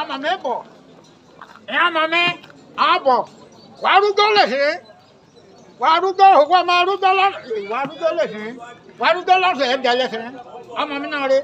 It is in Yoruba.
ama m ịbọ ama m abọ warugole he warugo wa ma rugola warugole he warugole he dele he ama m na re.